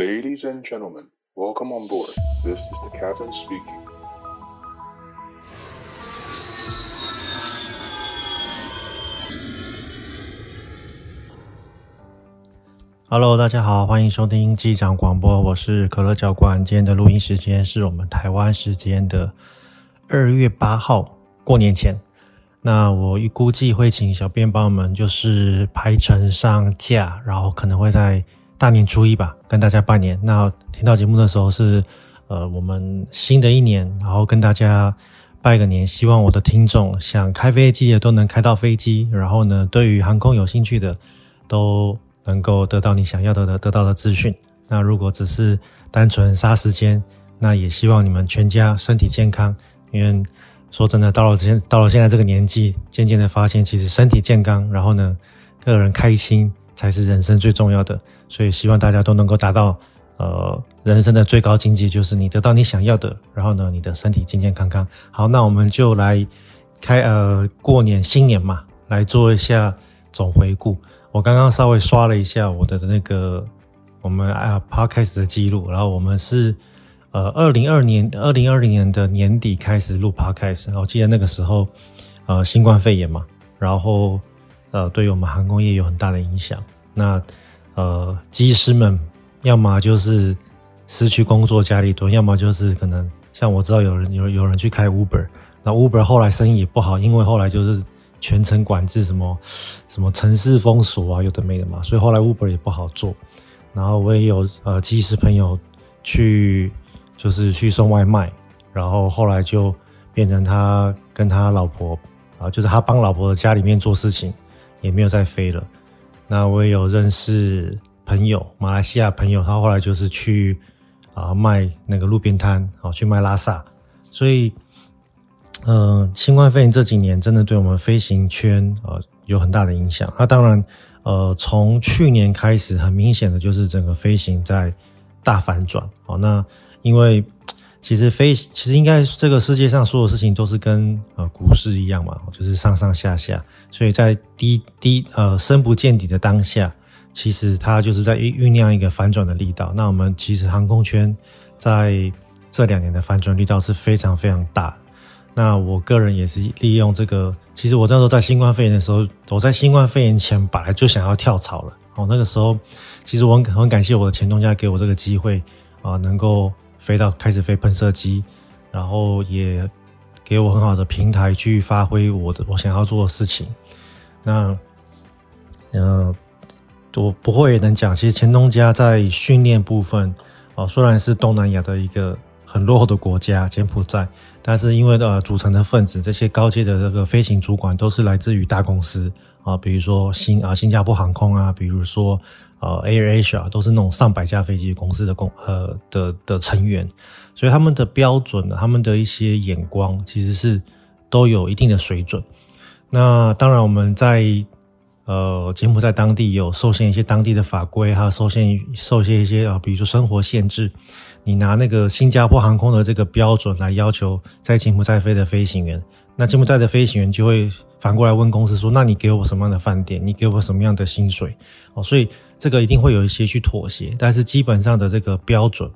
Ladies and gentlemen, welcome on board. This is the captain speaking. Hello, 大家好，歡迎收聽機長廣播，我是可樂教官。今天的錄音時間是我們台灣時間的二月八號過年前。那我估計會請小編幫我們就是排程上架，然後可能會在。大年初一吧，跟大家拜年。那聽到節目的時候是，呃，我們新的一年，然後跟大家拜個年。希望我的聽眾想開飛機的都能開到飛機，然後呢，對於航空有興趣的都能夠得到你想要的的得到的資訊。那如果只是單純殺時間，那也希望你們全家身體健康。因為說真的，到了現到了現在這個年紀，漸漸的發現，其實身體健康，然後呢，個人開心才是人生最重要的。所以希望大家都能夠達到，呃，人生的最高境界，就是你得到你想要的，然後呢，你的身體健健康康。好,那我們就來開呃過年新年嘛，來做一下總回顧。我剛剛稍微刷了一下我的那個我們啊 podcast 的記錄，然後我們是呃二零二年二零二零年的年底開始錄 podcast，然後我記得那個時候呃新冠肺炎嘛，然後呃對於我們航空業有很大的影響，那。呃，機師們要麼就是失去工作家裡蹲，要麼就是可能像我知道有人有有人去開 Uber，那 Uber 後來生意也不好，因為後來就是全程管制什麼什麼城市封鎖啊，有的沒的嘛，所以後來 Uber 也不好做。然後我也有呃機師朋友去就是去送外賣，然後後來就變成他跟他老婆啊、呃，就是他幫老婆的家裡面做事情，也沒有再飛了。那我也有認識朋友，馬來西亞朋友，他後來就是去啊賣那個路邊攤，好去賣叻沙，所以，呃，新冠肺炎這幾年真的對我們飛行圈啊、呃、有很大的影響。那、啊、當然，呃，從去年開始，很明顯的就是整個飛行在大反轉，好、呃，那因為。其實飛，其實應該這個世界上所有事情都是跟呃股市一樣嘛，就是上上下下。所以在低低呃深不見底的當下，其實它就是在醞醞釀一個反轉的力道。那我們其實航空圈在這兩年的反轉力道是非常非常大。那我個人也是利用這個，其實我那時候在新冠肺炎的時候，我在新冠肺炎前本來就想要跳槽了。哦，那個時候其實我很很感謝我的前東家給我這個機會啊，呃，能夠。飛到開始飛噴射機，然後也給我很好的平台去發揮我的我想要做的事情。那，嗯、呃，我不會也能講。其實前東家在訓練部分啊、呃，雖然是東南亞的一個很落後的國家——柬埔寨，但是因為呃組成的分子，這些高階的這個飛行主管都是來自於大公司啊、呃，比如說新啊、呃、新加坡航空啊，比如說。呃，Air Asia 都是那種上百架飛機公司的公呃的的成員，所以他們的標準呢，他們的一些眼光其實是都有一定的水準。那當然，我們在呃柬埔寨當地有受限一些當地的法規，還有受限受限一些啊、呃，比如說生活限制。你拿那個新加坡航空的這個標準來要求在柬埔寨飛的飛行員，那柬埔寨的飛行員就會反過來問公司說：那你給我什麼樣的飯店？你給我什麼樣的薪水？哦、呃，所以。這個一定會有一些去妥協，但是基本上的這個標準、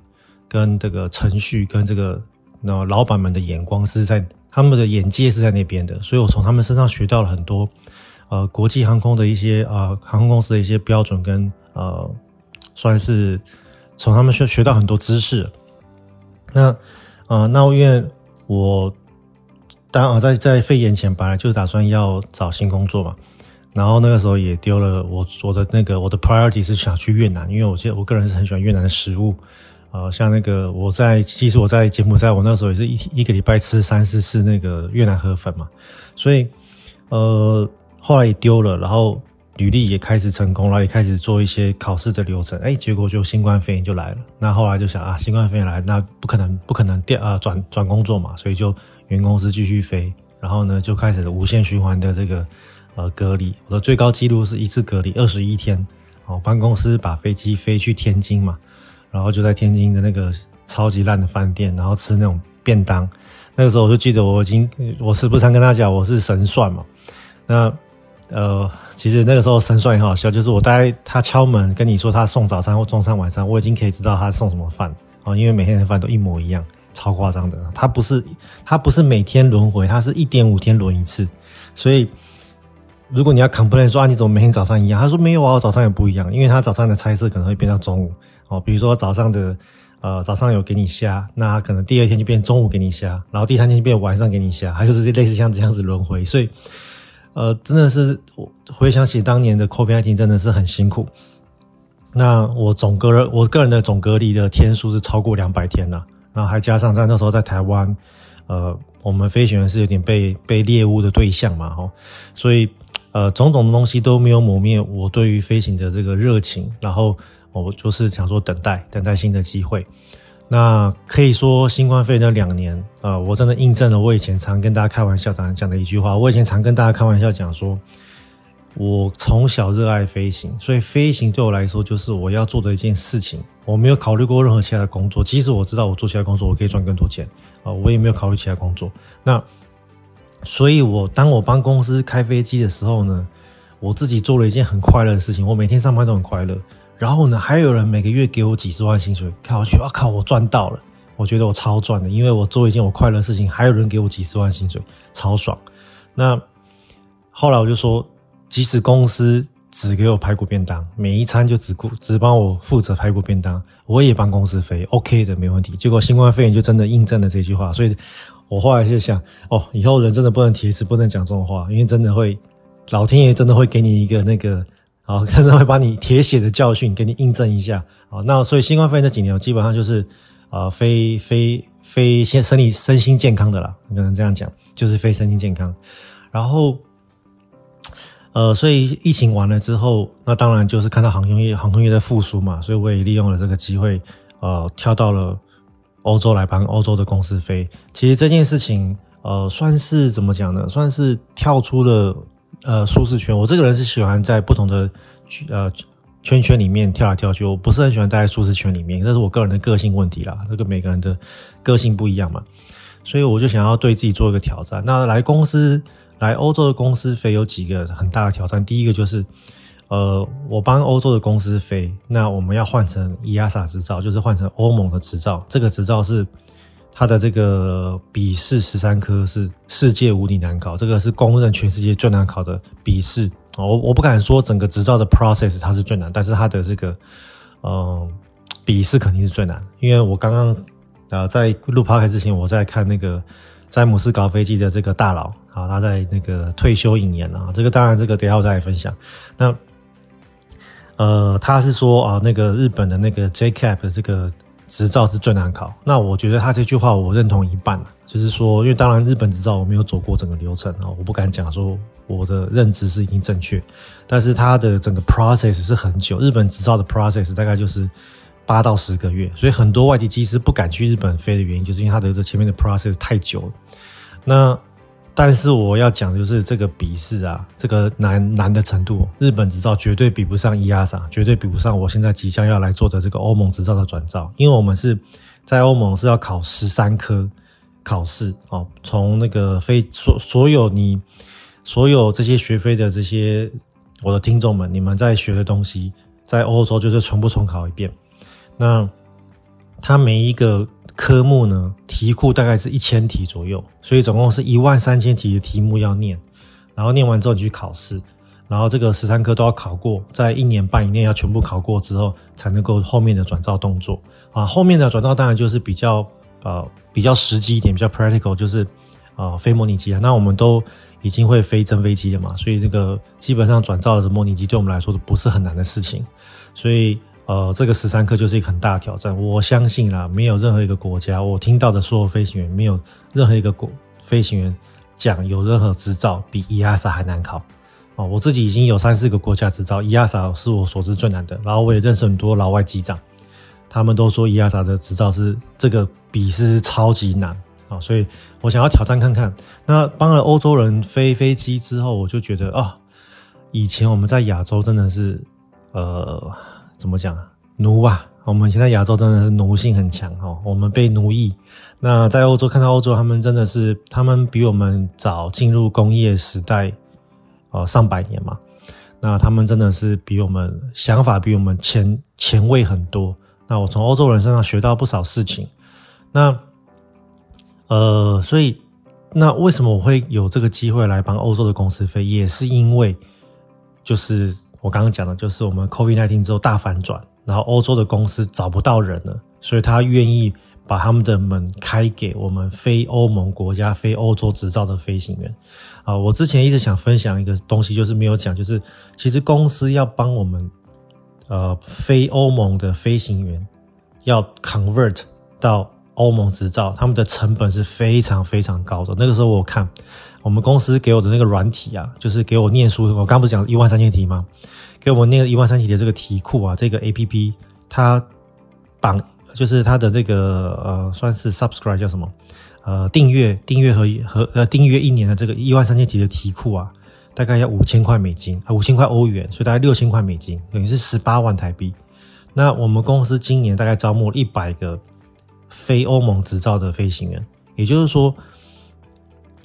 跟這個程序、跟這個那老板們的眼光是在，他們的眼界是在那邊的，所以我從他們身上學到了很多，呃，國際航空的一些啊、呃、航空公司的一些標準跟呃算是從他們學學到很多知識。那呃那因為我當然在在肺炎前本來就是打算要找新工作嘛。然後那個時候也丟了我我的那個我的 priority 是想去越南，因為我現我個人是很喜歡越南的食物，呃，像那個我在其實我在柬埔寨，我那時候也是一一個禮拜吃三四次那個越南河粉嘛，所以呃後來也丟了，然後履歷也開始成功，然後也開始做一些考試的流程，哎，結果就新冠肺炎就來了，那後來就想啊新冠肺炎來，那不可能不可能調啊、呃、轉轉工作嘛，所以就原公司繼續飛，然後呢就開始了無限循環的這個。呃，隔離我的最高記錄是一次隔離二十一天。哦，辦公室把飛機飛去天津嘛，然後就在天津的那個超級爛的飯店，然後吃那種便當。那個時候我就記得我已經，我是不是常跟他講我是神算嘛？那呃，其實那個時候神算也很好笑，就是我待他敲門跟你說他送早餐或中餐晚餐，我已經可以知道他送什麼飯哦，因為每天的飯都一模一樣，超誇張的。他不是他不是每天輪迴，他是一點五天輪一次，所以。如果你要 complain 說啊，你怎麼每天早上一樣？他說沒有啊，我早上也不一樣，因為他早上的菜色可能會變到中午，哦，比如說早上的，呃，早上有給你蝦，那可能第二天就變中午給你蝦，然後第三天就變晚上給你蝦，他就是類似像這樣,這樣子輪回。所以，呃，真的是我回想起當年的 COVID 疫情真的是很辛苦。那我總隔了我個人的總隔離的天數是超過兩百天了、啊，然後還加上在那時候在台灣，呃，我們飛行員是有點被被獵巫的對象嘛，吼、哦，所以。呃，種種的東西都沒有磨滅我對於飛行的這個熱情。然後我就是想說，等待，等待新的機會。那可以說，新冠肺炎那兩年，啊、呃，我真的印證了我以前常跟大家開玩笑講的一句話。我以前常跟大家開玩笑講說，我從小熱愛飛行，所以飛行對我來說就是我要做的一件事情。我沒有考慮過任何其他的工作。即使我知道我做其他工作我可以賺更多錢，啊、呃，我也沒有考慮其他工作。那。所以我，我當我幫公司開飛機的時候呢，我自己做了一件很快樂的事情。我每天上班都很快樂。然後呢，還有人每個月給我幾十萬薪水，看我去我靠，我賺到了！我覺得我超賺的，因為我做一件我快樂的事情，還有人給我幾十萬薪水，超爽。那後來我就說，即使公司只給我排骨便當，每一餐就只顧只幫我負責排骨便當，我也幫公司飛，OK 的，沒問題。結果新冠肺炎就真的印證了這句話，所以。我後來就想，哦，以後人真的不能鐵齒，不能講這種話，因為真的會，老天爺真的會給你一個那個，啊、哦，真的會把你鐵血的教訓給你印證一下，啊、哦，那所以新冠肺炎這幾年，我基本上就是，啊、呃，非非非先生理身心健康的啦，你可能這樣講就是非身心健康，然後，呃，所以疫情完了之後，那當然就是看到航空業航空業在復甦嘛，所以我也利用了這個機會，呃，跳到了。歐洲來幫歐洲的公司飛，其實這件事情，呃，算是怎麼講呢？算是跳出了呃舒適圈。我這個人是喜歡在不同的呃圈圈裡面跳來跳去，我不是很喜歡待在舒適圈裡面，這是我個人的個性問題啦。這個每個人的個性不一樣嘛，所以我就想要對自己做一個挑戰。那來公司，來歐洲的公司飛，有幾個很大的挑戰，第一個就是。呃，我幫歐洲的公司飛，那我們要換成 EASA 執照，就是換成歐盟的執照。這個執照是它的這個筆試十三科是世界無比難考，這個是公認全世界最難考的筆試。我、哦、我不敢說整個執照的 process 它是最難，但是它的這個嗯筆試肯定是最難。因為我剛剛啊在錄 p 開之前，我在看那個詹姆斯搞飛機的這個大佬啊，他在那個退休引言啊，這個當然這個等一下我再來分享。那呃，他是說啊，那個日本的那個 JCAP 的這個執照是最難考。那我覺得他這句話我認同一半，就是說，因為當然日本執照我沒有走過整個流程啊，我不敢講說我的認知是已經正確，但是他的整個 process 是很久，日本執照的 process 大概就是八到十個月，所以很多外籍機師不敢去日本飛的原因，就是因為他的這前面的 process 太久了。那但是我要講的就是這個筆試啊，這個難難的程度，日本執照絕對比不上 EASA，絕對比不上我現在即將要來做的這個歐盟執照的轉照，因為我們是在歐盟是要考十三科考試哦，從那個飛所所有你所有這些學飛的這些我的聽眾們，你們在學的東西在歐洲就是全部重考一遍，那它每一個。科目呢，題庫大概是一千題左右，所以總共是一萬三千題的題目要念，然後念完之後你去考試，然後這個十三科都要考過，在一年半以內要全部考過之後，才能夠後面的轉照動作啊。後面的轉照當然就是比較呃比較實際一點，比較 practical，就是呃飛模擬機啊，那我們都已經會飛真飛機了嘛，所以這個基本上轉照的模擬機對我們來說都不是很難的事情，所以。呃，這個十三科就是一個很大的挑戰。我相信啦，沒有任何一個國家，我聽到的所有飛行員，沒有任何一個國飛行員講有任何執照比伊亞薩還難考啊、呃！我自己已經有三四個國家執照，伊亞薩是我所知最難的。然後我也認識很多老外機長，他們都說伊亞薩的執照是這個筆試超級難啊、呃！所以我想要挑戰看看。那幫了歐洲人飛飛機之後，我就覺得啊、哦，以前我們在亞洲真的是呃。怎麼講啊？奴吧、啊，我們現在亞洲真的是奴性很強哦，我們被奴役。那在歐洲看到歐洲，他們真的是，他們比我們早進入工業時代，哦、呃，上百年嘛。那他們真的是比我們想法比我們前前衛很多。那我從歐洲人身上學到不少事情。那呃，所以那為什麼我會有這個機會來幫歐洲的公司飛，也是因為就是。我剛剛講的就是我們 COVID-19 之後大反轉，然後歐洲的公司找不到人了，所以他願意把他們的門開給我們非歐盟國家、非歐洲執照的飛行員。啊、呃，我之前一直想分享一個東西，就是沒有講，就是其實公司要幫我們呃非歐盟的飛行員要 convert 到歐盟執照，他們的成本是非常非常高的。那個時候我看。我們公司給我的那個軟體啊，就是給我念書。我剛剛不是講一萬三千題嗎？給我們那個一萬三千題的這個題庫啊，這個 APP，它綁就是它的這個呃，算是 subscribe 叫什麼？呃，訂閱訂閱和和呃訂閱一年的這個一萬三千題的題庫啊，大概要五千塊美金啊，五千塊歐元，所以大概六千塊美金，等於是十八萬台幣。那我們公司今年大概招募了一百個非歐盟執照的飛行員，也就是說。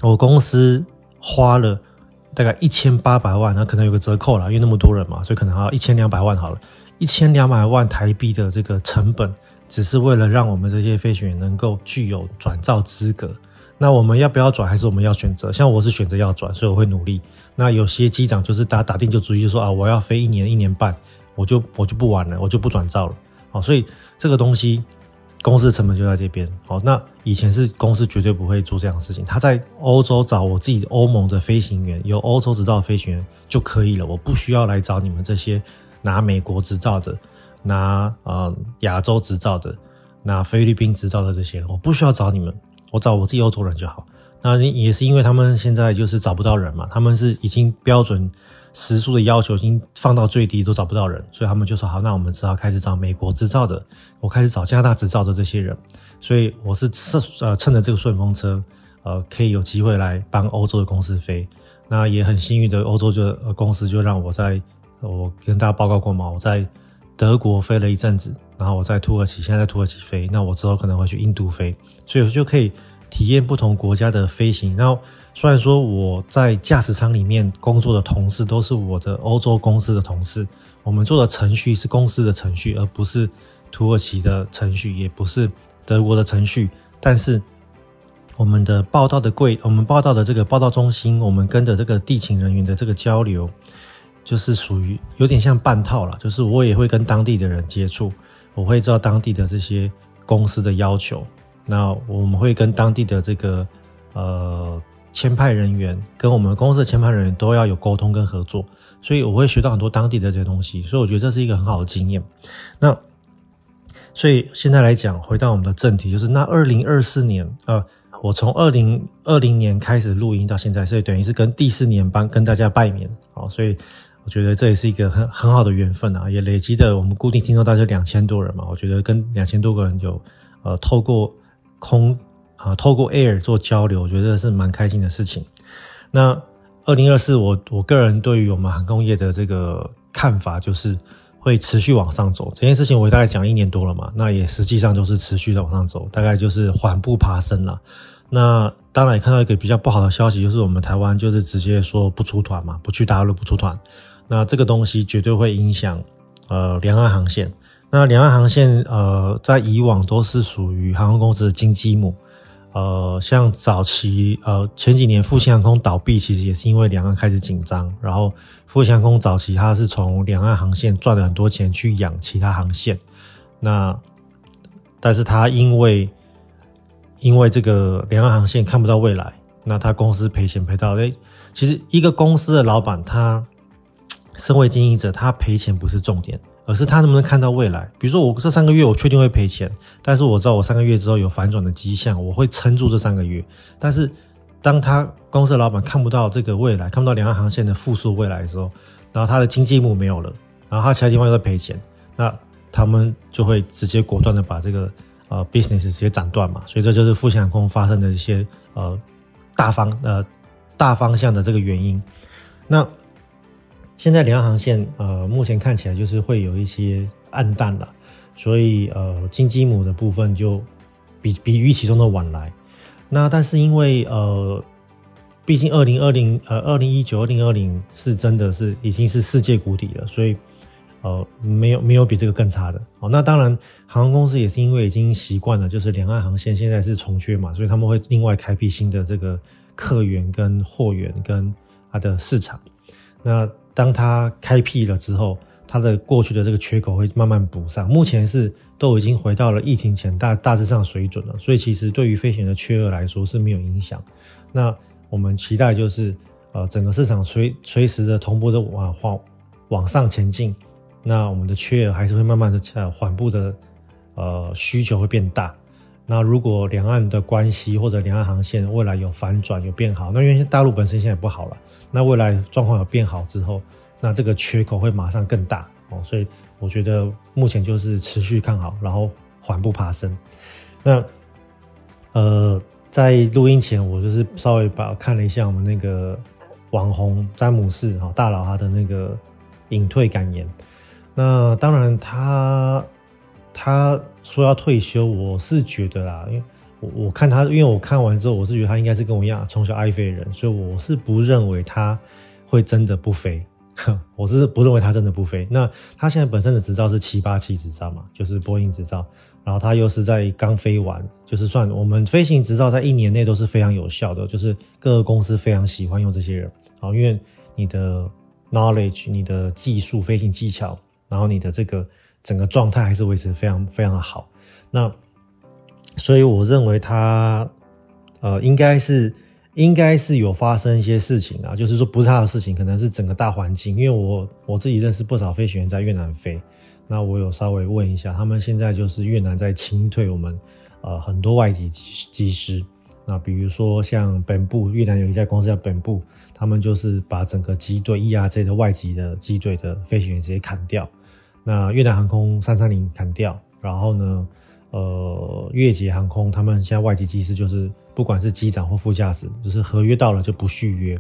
我公司花了大概一千八百萬，那可能有個折扣啦，因為那麼多人嘛，所以可能還要一千兩百萬好了。一千兩百萬台幣的這個成本，只是為了讓我們這些飛行員能夠具有轉照資格。那我們要不要轉，還是我們要選擇？像我是選擇要轉，所以我會努力。那有些機長就是打打定就主意就說，就說啊，我要飛一年一年半，我就我就不玩了，我就不轉照了。好，所以這個東西。公司成本就在這邊。好，那以前是公司絕對不會做這樣的事情。他在歐洲找我自己歐盟的飛行員，有歐洲執照的飛行員就可以了。我不需要來找你們這些拿美國執照的、拿呃亞洲執照的、拿菲律賓執照的這些，我不需要找你們，我找我自己歐洲人就好。那也是因為他們現在就是找不到人嘛，他們是已經標準，時數的要求已經放到最低都找不到人，所以他們就說好，那我們只好開始找美國執照的，我開始找加拿大執照的這些人。所以我是呃趁呃趁着這個順風車，呃可以有機會來幫歐洲的公司飛。那也很幸運的，歐洲就、呃、公司就讓我在，我跟大家報告過嘛，我在德國飛了一陣子，然後我在土耳其，現在在土耳其飛。那我之後可能會去印度飛，所以我就可以。體驗不同國家的飛行。然後，雖然說我在駕駛艙裡面工作的同事都是我的歐洲公司的同事，我們做的程序是公司的程序，而不是土耳其的程序，也不是德國的程序。但是，我們的報到的櫃，我們報到的這個報到中心，我們跟的這個地勤人員的這個交流，就是屬於有點像半套了。就是我也會跟當地的人接觸，我會知道當地的這些公司的要求。那我們會跟當地的這個呃簽派人員，跟我們公司的簽派人員都要有溝通跟合作，所以我會學到很多當地的這些東西，所以我覺得這是一個很好的經驗。那所以現在來講，回到我們的正題，就是那二零二四年，呃，我從二零二零年開始錄音到現在，所以等於是跟第四年班跟大家拜年哦。所以我覺得這也是一個很很好的緣分啊，也累積的我們固定聽眾大概兩千多人嘛，我覺得跟兩千多個人有呃透過。空啊，透過 Air 做交流，我覺得是蠻開心的事情。那二零二四，我我個人對於我們航空業的這個看法，就是會持續往上走。這件事情我大概講一年多了嘛，那也實際上就是持續的往上走，大概就是緩步爬升了。那當然也看到一個比較不好的消息，就是我們台灣就是直接說不出團嘛，不去大陸不出團。那這個東西絕對會影響，呃，兩岸航線，那兩岸航線，呃，在以往都是屬於航空公司的金雞母，呃，像早期，呃，前幾年復興航空倒閉，其實也是因為兩岸開始緊張，然後復興航空早期它是從兩岸航線賺了很多錢去養其他航線，那，但是他因為，因為這個兩岸航線看不到未來，那他公司賠錢賠到，哎、欸，其實一個公司的老闆，他身為經營者，他賠錢不是重點。而是他能不能看到未來？比如說我這三個月我確定會賠錢，但是我知道我三個月之後有反轉的跡象，我會撐住這三個月。但是當他公司的老板看不到這個未來，看不到兩岸航線的復甦未來的時候，然後他的經濟目沒有了，然後他其他地方又在賠錢，那他們就會直接果斷的把這個呃 business 直接斬斷嘛。所以這就是復興航空發生的一些呃大方呃大方向的這個原因。那。現在兩岸航線，呃，目前看起來就是會有一些暗淡了，所以呃，金雞母的部分就比比預期中的晚來。那但是因為呃，畢竟二零二零呃二零一九二零二零是真的是已經是世界谷底了，所以呃，沒有沒有比這個更差的。哦，那當然，航空公司也是因為已經習慣了，就是兩岸航線現在是重缺嘛，所以他們會另外開闢新的這個客源跟貨源跟它的市場。那當它開闢了之後，它的過去的這個缺口會慢慢補上。目前是都已經回到了疫情前大大致上水準了，所以其實對於飛行員的缺額來說是沒有影響。那我們期待就是，呃，整個市場隨隨時的同步的往往往上前進，那我們的缺額還是會慢慢的呃緩步的，呃需求會變大。那如果兩岸的關係或者兩岸航線未來有反轉有變好，那因為大陸本身現在也不好了，那未來狀況有變好之後，那這個缺口會馬上更大哦，所以我覺得目前就是持續看好，然後緩步爬升。那呃，在錄音前我就是稍微把看了一下我們那個網紅詹姆士哈大佬他的那個隱退感言。那當然他他說要退休，我是覺得啦，因為我看他，因為我看完之後，我是覺得他應該是跟我一樣從小愛飛的人，所以我是不認為他會真的不飛。哼，我是不認為他真的不飛。那他現在本身的執照是七八七執照嘛，就是波音執照，然後他又是在剛飛完，就是算我們飛行執照在一年內都是非常有效的，就是各個公司非常喜歡用這些人，好，因為你的 knowledge、你的技術、飛行技巧，然後你的這個。整個狀態還是維持非常非常的好，那所以我認為他呃應該是應該是有發生一些事情啊，就是說不是他的事情，可能是整個大環境。因為我我自己認識不少飛行員在越南飛，那我有稍微問一下，他們現在就是越南在清退我們呃很多外籍機師，那比如說像本部越南有一家公司叫本部，他們就是把整個機隊 ERJ 的外籍的機隊的飛行員直接砍掉。那越南航空三三零砍掉，然後呢，呃，越捷航空他們現在外籍機師就是，不管是機長或副駕駛，就是合約到了就不續約。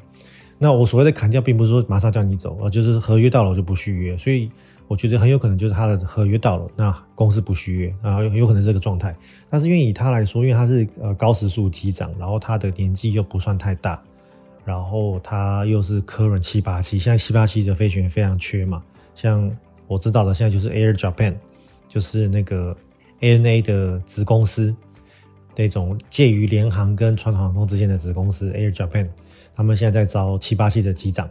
那我所謂的砍掉，並不是說馬上叫你走，就是合約到了我就不續約。所以我覺得很有可能就是他的合約到了，那公司不續約，然後有可能這個狀態。但是因為以他來說，因為他是呃高時速機長，然後他的年紀又不算太大，然後他又是科倫七八七，現在七八七的飛行員非常缺嘛，像。我知道的現在就是 Air Japan，就是那個 ANA 的子公司，那種介於聯航跟傳統航空之間的子公司 Air Japan，他們現在在招七八七的機長，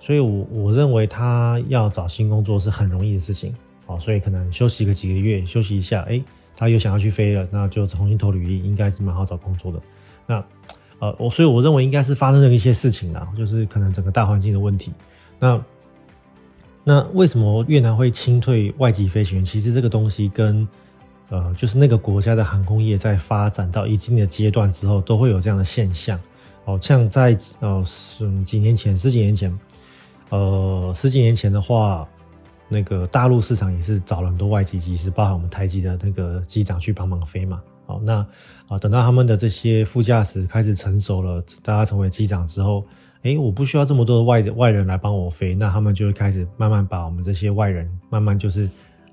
所以我，我我認為他要找新工作是很容易的事情好，所以可能休息個幾個月，休息一下，誒、欸，他又想要去飛了，那就重新投履歷，應該是蠻好找工作的。那，呃，我所以我認為應該是發生了一些事情了，就是可能整個大環境的問題。那。那為什麼越南會清退外籍飛行員？其實這個東西跟，呃，就是那個國家的航空業在發展到一定的階段之後，都會有這樣的現象。哦，像在呃，幾年前，十幾年前，呃，十幾年前的話，那個大陸市場也是找了很多外籍機師，包含我們台籍的那個機長去幫忙飛嘛。好、哦，那啊、呃，等到他們的這些副駕駛開始成熟了，大家成為機長之後。哎，我不需要這麼多的外外人來幫我飛，那他們就會開始慢慢把我們這些外人慢慢就是，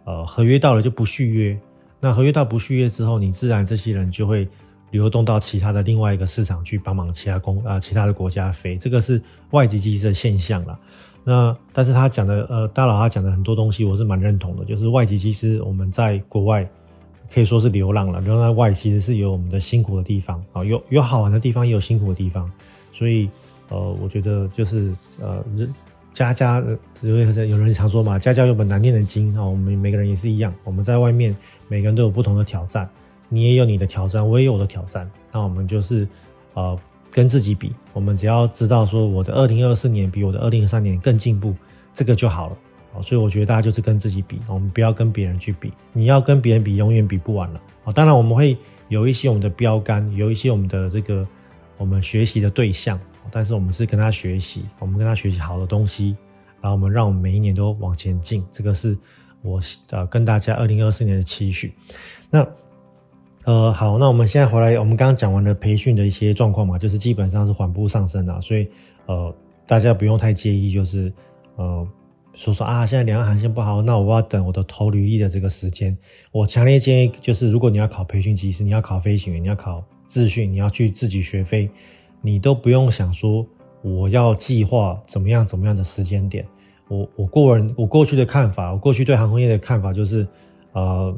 呃，合約到了就不續約。那合約到不續約之後，你自然這些人就會流動到其他的另外一個市場去幫忙其他公啊、呃、其他的國家飛，這個是外籍機師的現象了。那但是他講的呃，大佬他講的很多東西，我是蠻認同的，就是外籍機師我們在國外可以說是流浪了，流浪在外其實是有我們的辛苦的地方啊、哦，有有好玩的地方，也有辛苦的地方，所以。呃，我覺得就是呃，家家有人常說嘛，家家有本難念的經啊、哦。我們每個人也是一樣，我們在外面每個人都有不同的挑戰，你也有你的挑戰，我也有我的挑戰。那我們就是呃跟自己比，我們只要知道說我的二零二四年比我的二零二三年更進步，這個就好了啊、哦。所以我覺得大家就是跟自己比、哦，我們不要跟別人去比，你要跟別人比，永遠比不完了啊、哦。當然我們會有一些我們的標杆，有一些我們的這個我們學習的對象。但是我們是跟他學習，我們跟他學習好的東西，然後我們讓我們每一年都往前進。這個是我呃跟大家二零二四年的期許。那呃好，那我們現在回來，我們剛剛講完了培訓的一些狀況嘛，就是基本上是緩步上升的，所以呃大家不用太介意，就是呃說說啊，現在兩岸航線不好，那我要等我的投履歷的這個時間。我強烈建議，就是如果你要考培訓機師，你要考飛行員，你要考自訓，你要去自己學飛。你都不用想說，我要計劃怎麼樣怎麼樣的時間點我。我我個人我過去的看法，我過去對航空業的看法就是，呃，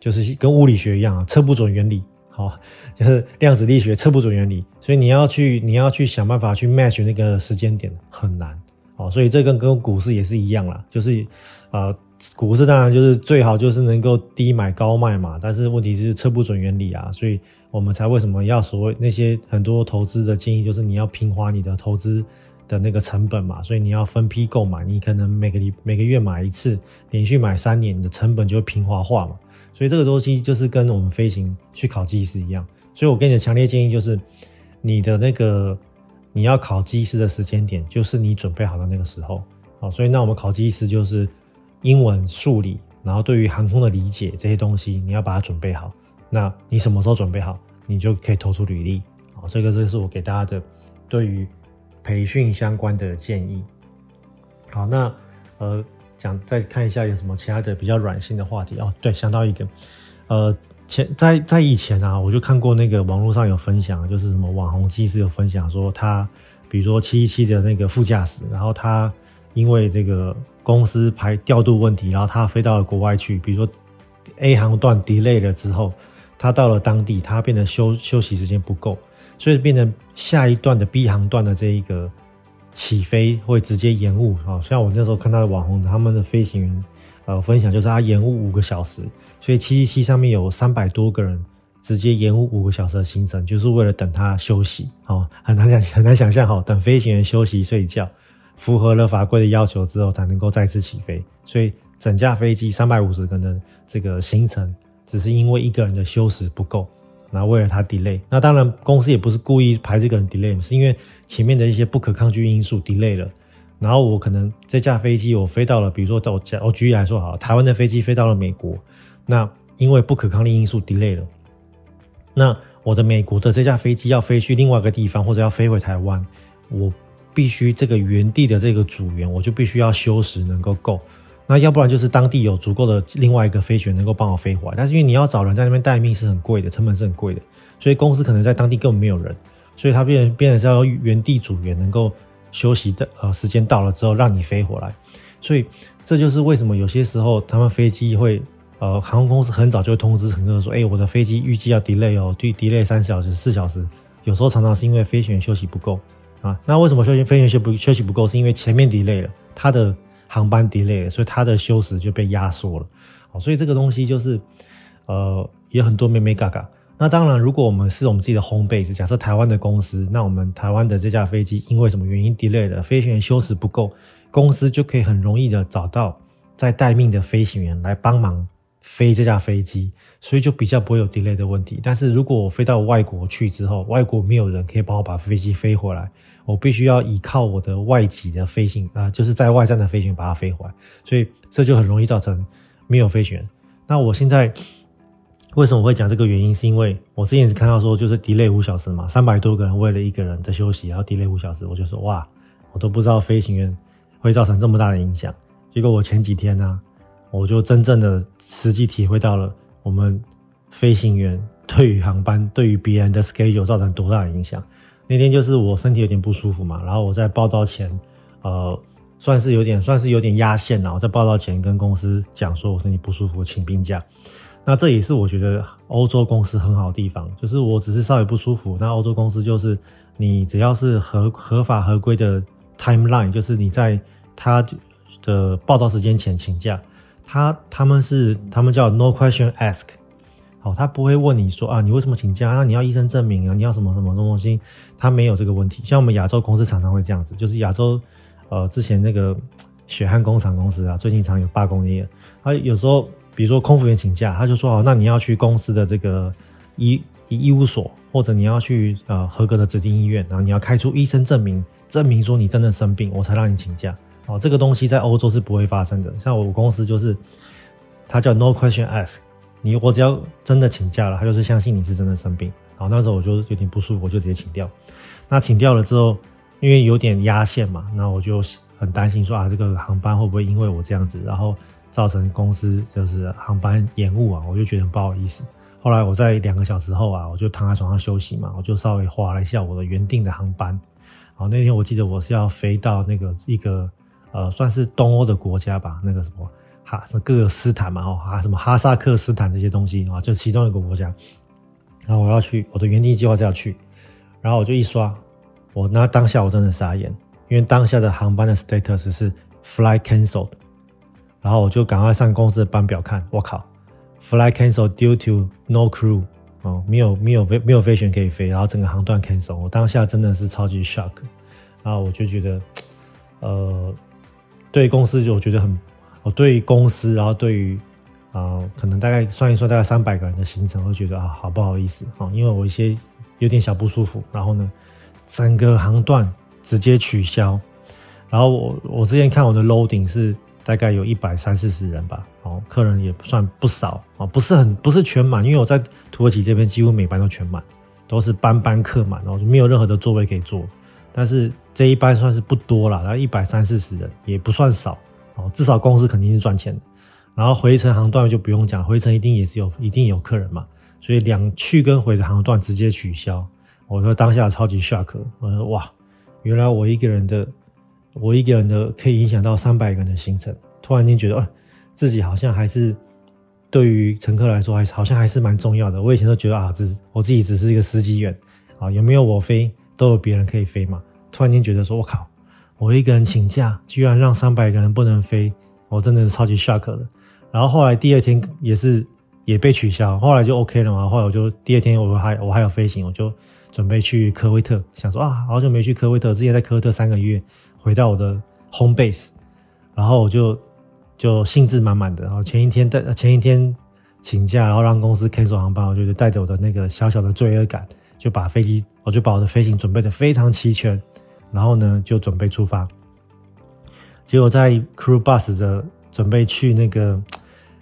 就是跟物理學一樣啊，測不準原理，好，就是量子力學測不準原理。所以你要去你要去想辦法去 match 那個時間點很難，哦，所以這跟跟股市也是一樣啦，就是，呃，股市當然就是最好就是能夠低買高賣嘛，但是問題是測不準原理啊，所以。我們才為什麼要所謂那些很多投資的建議，就是你要平滑你的投資的那個成本嘛，所以你要分批購買，你可能每個禮每個月買一次，連續買三年，你的成本就會平滑化嘛。所以這個東西就是跟我們飛行去考機師一樣。所以我給你的強烈建議就是，你的那個你要考機師的時間點，就是你準備好的那個時候好。所以那我們考機師就是英文、數理，然後對於航空的理解這些東西，你要把它準備好。那你什麼時候準備好，你就可以投出履歷啊。這個這是我給大家的對於培訓相關的建議。好，那呃，想再看一下有什麼其他的比較軟性的話題哦。對，想到一個，呃，前在在以前啊，我就看過那個網絡上有分享，就是什麼網紅機師有分享說他，比如說七一七的那個副駕駛，然後他因為這個公司排調度問題，然後他飛到了國外去，比如說 A 航段 delay 了之後。他到了當地，他變成休休息時間不夠，所以變成下一段的 B 航段的這一個起飛會直接延誤。哈、哦，像我那時候看到的網紅，他們的飛行員呃分享就是他延誤五個小時，所以777上面有三百多個人直接延誤五個小時的行程，就是為了等他休息。哦，很難想很難想象哈、哦，等飛行員休息睡覺，符合了法規的要求之後才能夠再次起飛。所以整架飛機三百五十個人這個行程。只是因為一個人的休時不夠，然後為了他 delay，那當然公司也不是故意排這個人 delay，是因為前面的一些不可抗拒因素 delay 了。然後我可能這架飛機我飛到了，比如說到我舉，我舉例來說好了，台灣的飛機飛到了美國，那因為不可抗力因素 delay 了，那我的美國的這架飛機要飛去另外一個地方或者要飛回台灣，我必須這個原地的這個組員我就必須要休時，能夠夠。那要不然就是當地有足夠的另外一個飛行員能夠幫我飛回來，但是因為你要找人在那邊待命是很貴的，成本是很貴的，所以公司可能在當地根本沒有人，所以他變變得是要原地組員能夠休息的，呃，時間到了之後讓你飛回來，所以這就是為什麼有些時候他們飛機會，呃，航空公司很早就會通知乘客說，哎、欸，我的飛機預計要 delay 哦，delay 三小時、四小時，有時候常常是因為飛行員休息不夠啊。那為什麼飛行員休不休息不夠？是因為前面 delay 了，它的。航班 delay，所以它的休時就被壓縮了。好，所以這個東西就是，呃，有很多妹妹嘎嘎。那當然，如果我們是我們自己的 home base，假設台灣的公司，那我們台灣的這架飛機因為什麼原因 delay 了，飛行員休時不夠，公司就可以很容易的找到在待命的飛行員來幫忙飛這架飛機，所以就比較不會有 delay 的問題。但是如果我飛到外國去之後，外國沒有人可以幫我把飛機飛回來。我必須要依靠我的外籍的飛行啊，呃，就是在外站的飛行員把它飛回來，所以這就很容易造成沒有飛行員。那我現在為什麼會講這個原因？是因為我之前看到說就是 delay 五小時嘛，三百多個人為了一個人在休息，然後 delay 五小時，我就說哇，我都不知道飛行員會造成這麼大的影響。結果我前幾天呢，啊，我就真正的實際體會到了我們飛行員對於航班、對於別人的 schedule 造成多大的影響。那天就是我身體有點不舒服嘛，然後我在報道前，呃，算是有點算是有點壓線，然後，我在報道前跟公司講說，我身體不舒服，請病假。那這也是我覺得歐洲公司很好的地方，就是我只是稍微不舒服，那歐洲公司就是你只要是合合法合規的 timeline，就是你在他的報道時間前請假，他他們是他們叫 no question ask。哦，他不會問你說啊，你為什麼請假？那你要醫生證明啊，你要什麼什麼什麼東西？他沒有這個問題。像我們亞洲公司常常會這樣子，就是亞洲，呃，之前那個血汗工廠公司啊，最近常有罷工的。他有時候，比如說空服員請假，他就說哦，那你要去公司的這個醫醫務所，或者你要去呃合格的指定醫院，然後你要開出醫生證明，證明說你真的生病，我才讓你請假。哦，這個東西在歐洲是不會發生的。像我公司就是，它叫 No Question Ask。你我只要真的請假了，他就是相信你是真的生病。然後那時候我就有點不舒服，我就直接請掉。那請掉了之後，因為有點壓線嘛，那我就很擔心說啊，這個航班會不會因為我這樣子，然後造成公司就是航班延誤啊？我就覺得很不好意思。後來我在兩個小時後啊，我就躺在床上休息嘛，我就稍微劃了一下我的原定的航班。好，那天我記得我是要飛到那個一個呃，算是東歐的國家吧，那個什麼。哈，什麼各個斯坦嘛，哦，啊，什麼哈薩克斯坦這些東西啊，就其中一個國家。然後我要去，我的原定計劃是要去。然後我就一刷，我那當下我真的傻眼，因為當下的航班的 status 是 fly cancelled。然後我就趕快上公司的班表看，我靠，fly cancelled due to no crew 哦，沒有沒有沒有飛行員可以飛，然後整個航段 cancelled。我當下真的是超級 shock。然後我就覺得，呃，對公司就我覺得很。我對於公司，然後對於，呃，可能大概算一算，大概三百個人的行程，會覺得啊，好不好，好意思啊？因為我一些有點小不舒服，然後呢，整個航段直接取消。然後我我之前看我的 loading 是大概有一百三四十人吧，哦，客人也算不少啊，不是很不是全滿，因為我在土耳其這邊幾乎每班都全滿，都是班班客滿，然後就沒有任何的座位可以坐。但是這一班算是不多了，然後一百三四十人也不算少。哦，至少公司肯定是賺錢的，然後回程航段就不用講，回程一定也是有一定有客人嘛，所以兩去跟回的航段直接取消。我說當下超級 shock，我說哇，原來我一個人的，我一個人的可以影響到三百個人的行程，突然間覺得啊，自己好像還是對於乘客來說，還是好像還是蠻重要的。我以前都覺得啊，自，我自己只是一個司機員，啊有沒有我飛，都有別人可以飛嘛，突然間覺得說，我靠。我一個人請假，居然讓三百個人不能飛，我真的是超級 shock 的。然後後來第二天也是也被取消，後來就 OK 了嘛。後來我就第二天我還我還有飛行，我就準備去科威特，想說啊，好久沒去科威特，之前在科威特三個月，回到我的 home base，然後我就就興致滿滿的。然後前一天帶前一天請假，然後讓公司 cancel 航班，我就帶着我的那個小小的罪惡感，就把飛機我就把我的飛行準備的非常齊全。然後呢，就準備出發。結果在 crew bus 的準備去那個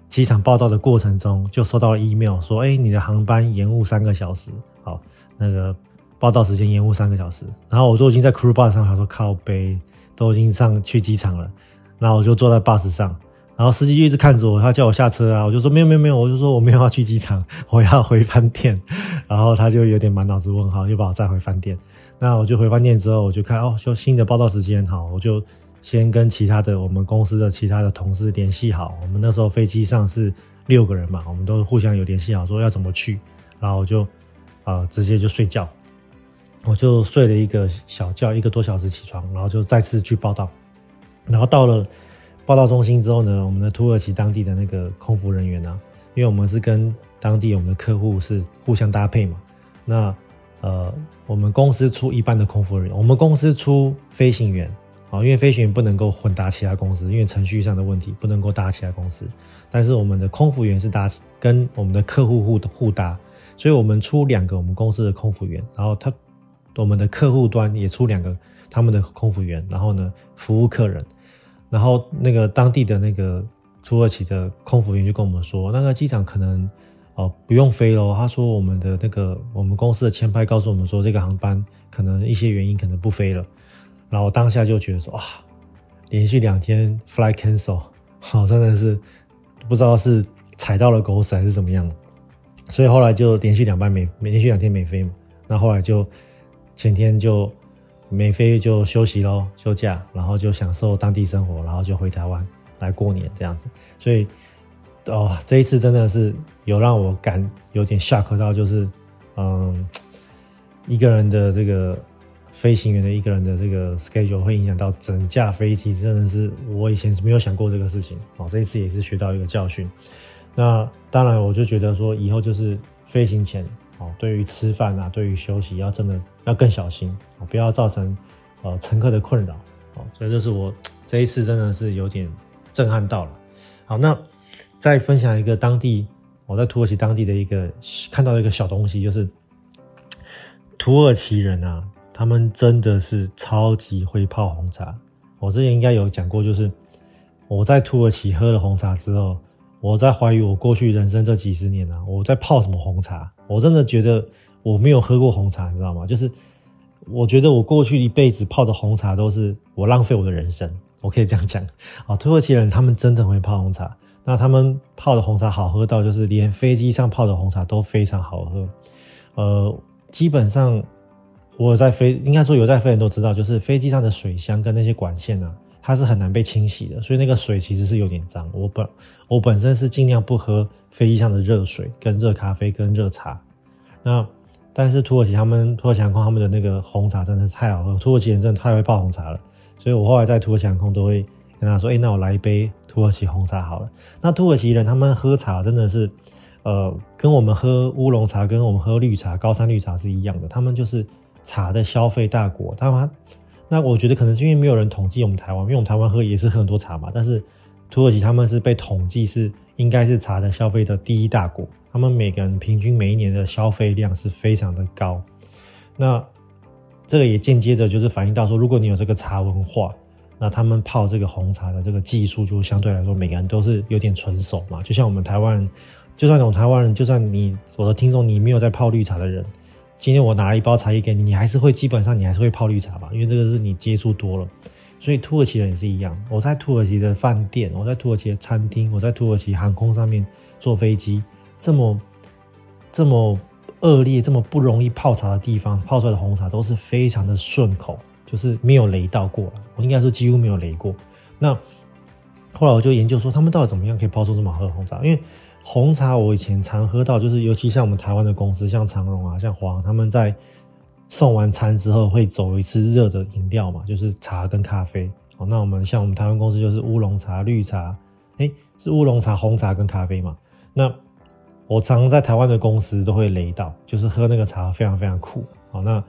機場報到的過程中，就收到了 email 說：“哎，你的航班延誤三個小時，好，那個報到時間延誤三個小時。”然後我就已經在 crew bus 上，他說靠背都已經上去機場了。然後我就坐在 bus 上，然後司機就一直看着我，他叫我下車啊，我就說：“沒有，沒有，沒有，我就說我沒有要去機場，我要回飯店。”然後他就有點滿腦子問號，又把我載回飯店。那我就回飯店之後，我就看哦，說新的報道時間。好，我就先跟其他的我們公司的其他的同事聯繫好。我們那時候飛機上是六個人嘛，我們都互相有聯繫好，說要怎麼去，然後我就啊、呃、直接就睡覺。我就睡了一個小覺，一個多小時起床，然後就再次去報道。然後到了報道中心之後呢，我們的土耳其當地的那個空服人員呢、啊，因為我們是跟當地我們的客戶是互相搭配嘛，那。呃，我們公司出一半的空服員，我們公司出飛行員，啊、哦，因為飛行員不能夠混搭其他公司，因為程序上的問題不能夠搭其他公司。但是我們的空服員是搭跟我們的客戶互的互搭，所以我們出兩個我們公司的空服員，然後他我們的客戶端也出兩個他們的空服員，然後呢服務客人，然後那個當地的那個土耳其的空服員就跟我們說，那個機場可能。哦，不用飛了。他說我們的那個，我們公司的簽派告訴我們說，這個航班可能一些原因可能不飛了。然後我當下就覺得說，哇、哦，連續兩天 fly cancel，好、哦、真的是不知道是踩到了狗屎還是怎麼樣。所以後來就連續兩班沒沒連續兩天沒飛嘛。那後來就前天就沒飛就休息咯休假，然後就享受當地生活，然後就回台灣來過年這樣子。所以。哦，這一次真的是有讓我感有點 shock 到就是，嗯，一個人的這個飛行員的一個人的這個 schedule 會影響到整架飛機，真的是我以前是沒有想過這個事情。哦，這一次也是學到一個教訓。那當然，我就覺得說以後就是飛行前，哦，對於吃飯啊，對於休息要真的要更小心，哦，不要造成，呃，乘客的困擾。哦，所以這是我這一次真的是有點震撼，到了。好，那。再分享一個當地，我在土耳其當地的一個看到一個小東西，就是土耳其人啊，他們真的是超級會泡紅茶。我之前應該有講過，就是我在土耳其喝了紅茶之後，我在懷疑我過去人生這幾十年啊，我在泡什麼紅茶？我真的覺得我沒有喝過紅茶，你知道嗎？就是我覺得我過去一輩子泡的紅茶都是我浪費我的人生，我可以這樣講啊。土耳其人他們真的會泡紅茶。那他們泡的紅茶好喝到，就是連飛機上泡的紅茶都非常好喝。呃，基本上我在飛，應該說有在飛的人都知道，就是飛機上的水箱跟那些管線呢、啊，它是很難被清洗的，所以那個水其實是有點髒。我本我本身是盡量不喝飛機上的熱水、跟熱咖啡、跟熱茶。那但是土耳其他們土耳其航空他們的那個紅茶真的太好喝，土耳其人真的太會泡紅茶了，所以我後來在土耳其航空都會。跟他說：“哎、欸，那我來一杯土耳其紅茶好了。那土耳其人他們喝茶真的是，呃，跟我們喝烏龍茶，跟我們喝綠茶、高山綠茶是一樣的。他們就是茶的消費大國。他們他，那我覺得可能是因為沒有人統計我們台灣，因為我們台灣喝也是喝很多茶嘛。但是土耳其他們是被統計是應該是茶的消費的第一大國。他們每個人平均每一年的消費量是非常的高。那這個也間接的就是反映到說，如果你有這個茶文化。”那他們泡這個紅茶的這個技術，就相對來說每個人都是有點純熟嘛。就像我們台灣，就算我們台灣人，就算你我的聽眾，你沒有在泡綠茶的人，今天我拿一包茶葉給你，你還是會基本上你還是會泡綠茶吧？因為這個是你接觸多了。所以土耳其人也是一樣。我在土耳其的飯店，我在土耳其的餐廳，我在土耳其航空上面坐飛機，這麼這麼惡劣、這麼不容易泡茶的地方，泡出來的紅茶都是非常的順口。就是沒有雷到過了，我應該說幾乎沒有雷過。那後來我就研究說，他們到底怎麼樣可以泡出這麼好喝的紅茶？因為紅茶我以前常喝到，就是尤其像我們台灣的公司，像長榮啊，像華航，他們在送完餐之後會走一次熱的飲料嘛，就是茶跟咖啡。好，那我們像我們台灣公司就是烏龍茶、綠茶，哎、欸，是烏龍茶、紅茶跟咖啡嘛。那我常常在台灣的公司都會雷到，就是喝那個茶非常非常苦。好，那。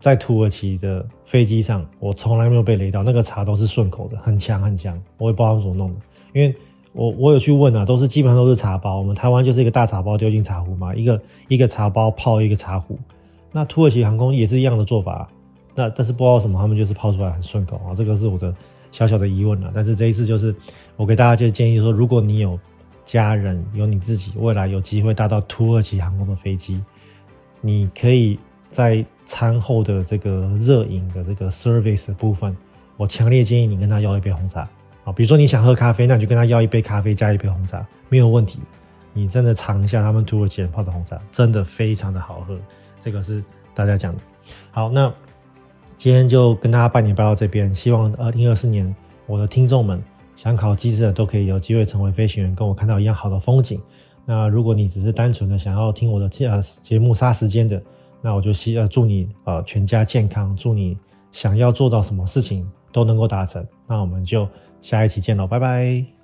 在土耳其的飛機上，我從來沒有被雷到。那個茶都是順口的，很強很強。我也不知道他們怎麼弄的，因為我我有去問啊，都是基本上都是茶包。我們台灣就是一個大茶包丟進茶壺嘛，一個一個茶包泡一個茶壺。那土耳其航空也是一樣的做法啊。那但是不知道為什麼，他們就是泡出來很順口啊。這個是我的小小的疑問啊。但是這一次就是我給大家就建議說，如果你有家人、有你自己未來有機會搭到土耳其航空的飛機，你可以在。餐後的這個熱飲的這個 service 的部分，我強烈建議你跟他要一杯紅茶啊。比如說你想喝咖啡，那你就跟他要一杯咖啡加一杯紅茶，沒有問題。你真的嘗一下他們土耳其人泡的紅茶，真的非常的好喝。這個是大家講的。好，那今天就跟大家拜年拜到這邊，希望呃，二零二四年我的聽眾們想考機師的都可以有機會成為飛行員，跟我看到一樣好的風景。那如果你只是單純的想要聽我的呃節目殺時間的，那我就希呃祝你呃全家健康，祝你想要做到什麼事情都能夠達成。那我們就下一期見嘍，拜拜。